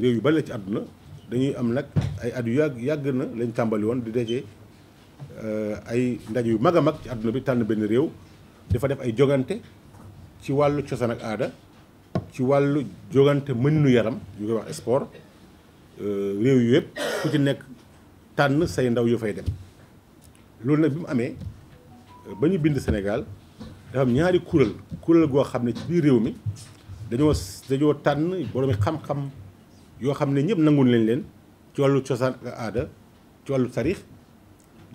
réew yu bari la ci àdduna dañuy am nag ay at yu yàgg yàgg na lañ tàmbali woon di dajee euh, ay ndaje yu mag a mag ci àdduna bi tànn benn réew dafa def ay jogante ci wàllu cosaan ak aada ci wàllu jogante mënnu yaram ñu koy wax sport euh, réew yu yëpp ku ci nekk tànn say ndaw yu fay dem loolu nag bi mu amee ba ñu bind Sénégal dafa am ñaari kuréel kuréel goo xam ne ci biir réew mi dañoo dañoo tànn boroomi xam-xam yoo xam ne ñëpp nanguñ leen leen ci wàllu cosaan aada ci wàllu tarix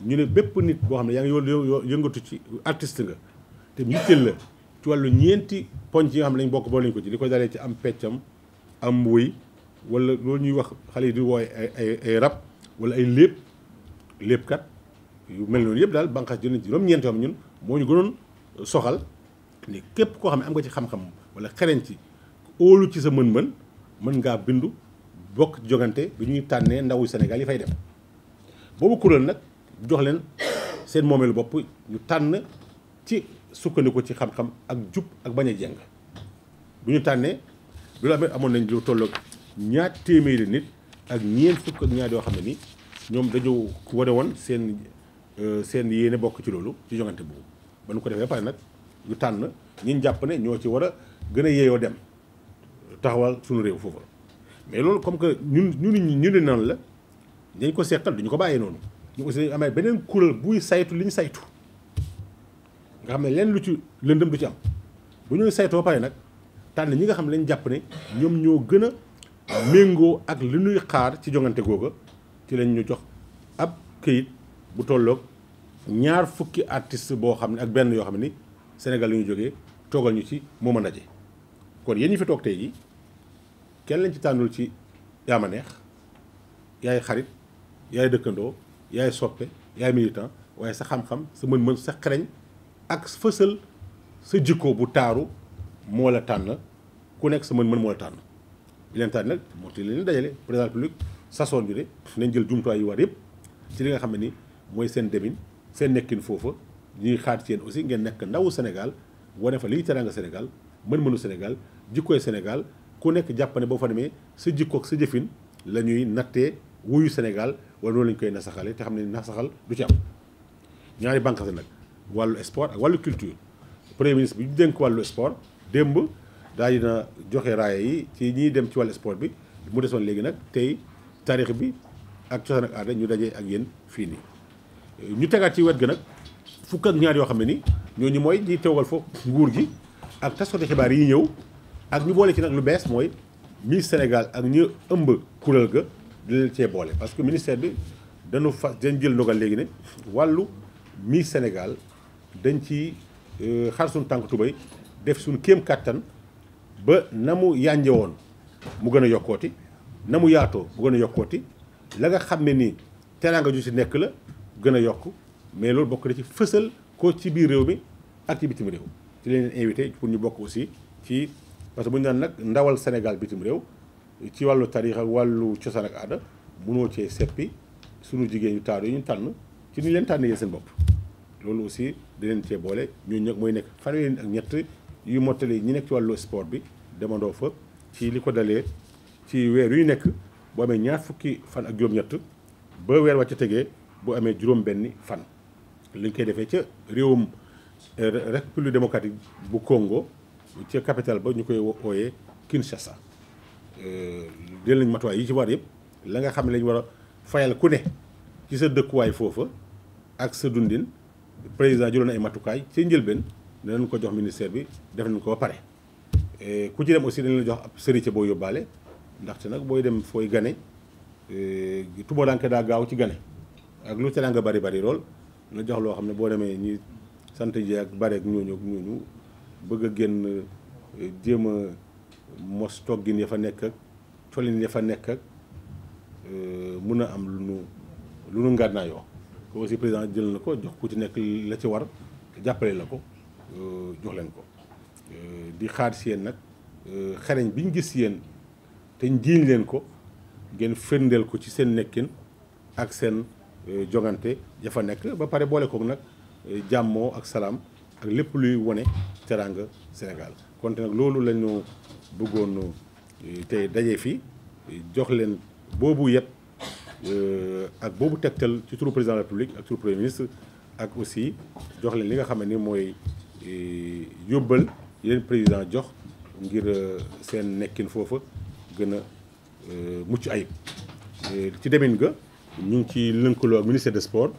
ñu ne bépp nit boo xam ne yaa ngi yoo yëngatu ci artiste nga te yitteel la ci wàllu ñeenti ponc yi xam ne lañ bokk boo lañ ko ci li ko dalee ci am peccam am mbuy wala loolu ñuy wax xale yi di wooy ay ay rab wala ay lépp lépp kat yu mel noonu yëpp daal bànqaas jël nañ ci juróom-ñeent yoo ñun moo ñu soxal ni képp koo xam ne am nga ci xam-xam wala xereñ ci óolu ci sa mën-mën mën ngaa bindu bokk jogante bi ñuy tànnee ndawu Sénégal yi fay dem boobu kuréel nag jox leen seen moomeelu bopp ñu tànn ci sukkandiku ci xam-xam ak jub ak bañ a jeng bu ñu tànnee loolu amee amoon nañ lu tolloog ñaar téeméeri nit ak ñeent fukk ñaar yoo xam ne ni ñoom dañoo wane woon seen euh, seen yéene bokk ci loolu ci jogante boobu ba nu ko defee pare nag ñu tànn ñi jàpp ne ñoo ci war a gën a yeeyoo dem taxawal suñu réew foofu mais loolu comme que ñu ñun ñu ne noonu la dañ ko seqal duñu ko bàyyee noonu ñu aussi dañu amee beneen kuréel buy saytu li ñu saytu nga xam ne leen lu ci lëndëm du ci am bu ñuy saytoo pare nag tànn ñi nga xam ne lañ jàpp ne ñoom ñoo gën a méngoo ak li ñuy xaar ci jongante googa ci lañ ñu jox ab këyit bu tolloog ñaar fukki artiste boo xam ne ak benn yoo xam ne Sénégal la ñu jógee toogal ñu ci mooma ndaje kon yéen ñu fi toog tey yi kenn lañ ci tànnul ci yaa yaay xarit yaay dëkkandoo yaay soppe yaay militant waaye sa xam-xam sa mën-mën sa xereñ ak fësal sa jikko bu taaru moo la tànn ku nekk sa mën-mën moo la tànn bi leen tànn nag moo ti leen dajale président public sasoon yu de nañ jël jumtuwaay yu war yëpp ci li nga xam ni mooy seen demin seen nekkin foofa ñuy xaar ci yéen aussi ngeen nekk ndawu Sénégal wane fa liy teraanga Sénégal mën-mënu Sénégal jikkooy Sénégal ku nekk jàpp boo fa demee sa jikkook sa jëfin la ñuy nattee wuyu Sénégal wala noonu lañ koy nasaxalee te xam ne nasaxal du ci am ñaari bànqaas nag wàllu sport ak wàllu culture premier ministre bi ñu dénk wàllu sport démb daa dina joxe raaya yi ci ñiy dem ci wàllu sport bi mu desoon léegi nag tey taarix bi ak cosaan ak aada ñu dajee ak yéen fii nii. ñu tegaat ci wet gi nag fukk ak ñaar yoo xam ne ni ñooñu mooy ñi teewal foofu nguur gi ak taskatu xibaar yi ñëw ak ñu boole ci nag lu bees mooy Miss Sénégal ak ñu ëmb kuréel ga di cee boole parce que ministère bi dañu fas dañ jël ndogal léegi ne wàllu Miss Sénégal dañ ci euh, xar suñu tànk tubay def suñu kéem kàttan ba na mu yànje woon mu gën a yokkooti na mu yaatoo mu gën a yokkooti la nga xam ne nii teraanga ju ci nekk la gën a yokk mais loolu bokk na ci fësal ko ci biir réew mi ak ci bitim réew ci leen invité pour ñu bokk aussi ci parce que bu ñu naan nag ndawal Sénégal bitim réew ci wàllu tarix ak wàllu cosaan ak aada munoo cee seppi sunu jigéen yu ñu tànn ci ni leen tànn tànnee seen bopp loolu aussi di leen cee boole ñu nag mooy nekk fanweeri ak ñett yu mottali ñu nekk ci wàllu sport bi demandoo fa ci li ko dalee ci weer yu nekk boo amee ñaar fukki fan ak juróom-ñett ba weer wàcc tegee boo amee juróom-benni fan. liñ koy defee ca réewum euh, république démocratique bu kongo ca capitale ba ñu koy wooyee Kinshasa. Euh, jël nañ matuwaay yi ci war yëpp la nga xam ne lañ war a fayal ku ne ci sa dëkkuwaay foofa ak sa dundin président jëloon ay matukaay ca njëlbeen danañ ko jox ministère bi def nañ ko ba pare. Euh, ku ci dem aussi dañ la jox ab sërite boo yóbbaale ndaxte nag booy dem fooy gane tuboodaanke daa gaaw ci gane. ak lu teraanga bari bari lool na jox loo xam ne boo demee ñi sant ji ak bari ak ñooñu ak ñooñu bëgg a génn eh, jéem a mos toggin ya fa nekk ak colin ya fa nekk ak eh, mun a am lu nu lu nu ngànnaayoo ko aussi président jël na ko jox ku ci nekk la ci war jàppale la ko eh, jox leen ko di xaar si yéen nag xereñ bi ñu gis si yéen te njiiñ leen ko ngeen firndeel ko ci seen nekkin ak seen Eh, jongante ya fa nekk ba pare boole kook nag eh, jàmmoo ak salaam ak lépp luy wone teraanga Sénégal konte nag loolu lañu bëggoon eh, tey daje fi jox leen boobu yet ak boobu tegtal ci turu président de la République ak turu premier ministre ak aussi jox leen li nga xam ne ni mooy yóbbal yeneen président jox ngir seen nekkin foofa gën a mucc ayib ci demin ga ñu ngi ci lënkaloo ak ministère des sports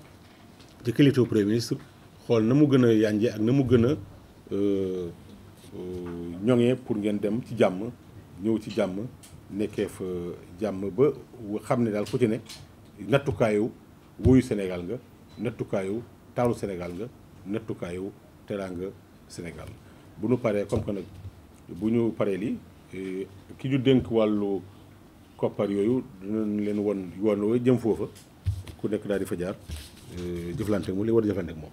ci qualité au premier ministre xool na mu gën a yànje ak na mu gën a euh, euh, ñoŋee pour ngeen dem ci jàmm ñëw ci jàmm nekkee fa jàmm ba xam ne daal ku ci ne nattukaayu wuyu Sénégal nga nattukaayu taaru Sénégal nga nattukaayu teraanga Sénégal bu ñu paree comme que nag bu ñu paree lii euh, ki ñu dénk wàllu koppar yooyu dinañ leen won yoon woo jëm foofa ku nekk daal di fajaar jaar euh, jëflante moom li war a jëflante moom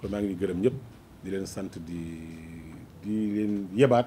kon maa ngi ñu gërëm ñëpp di leen sant di di leen yebaat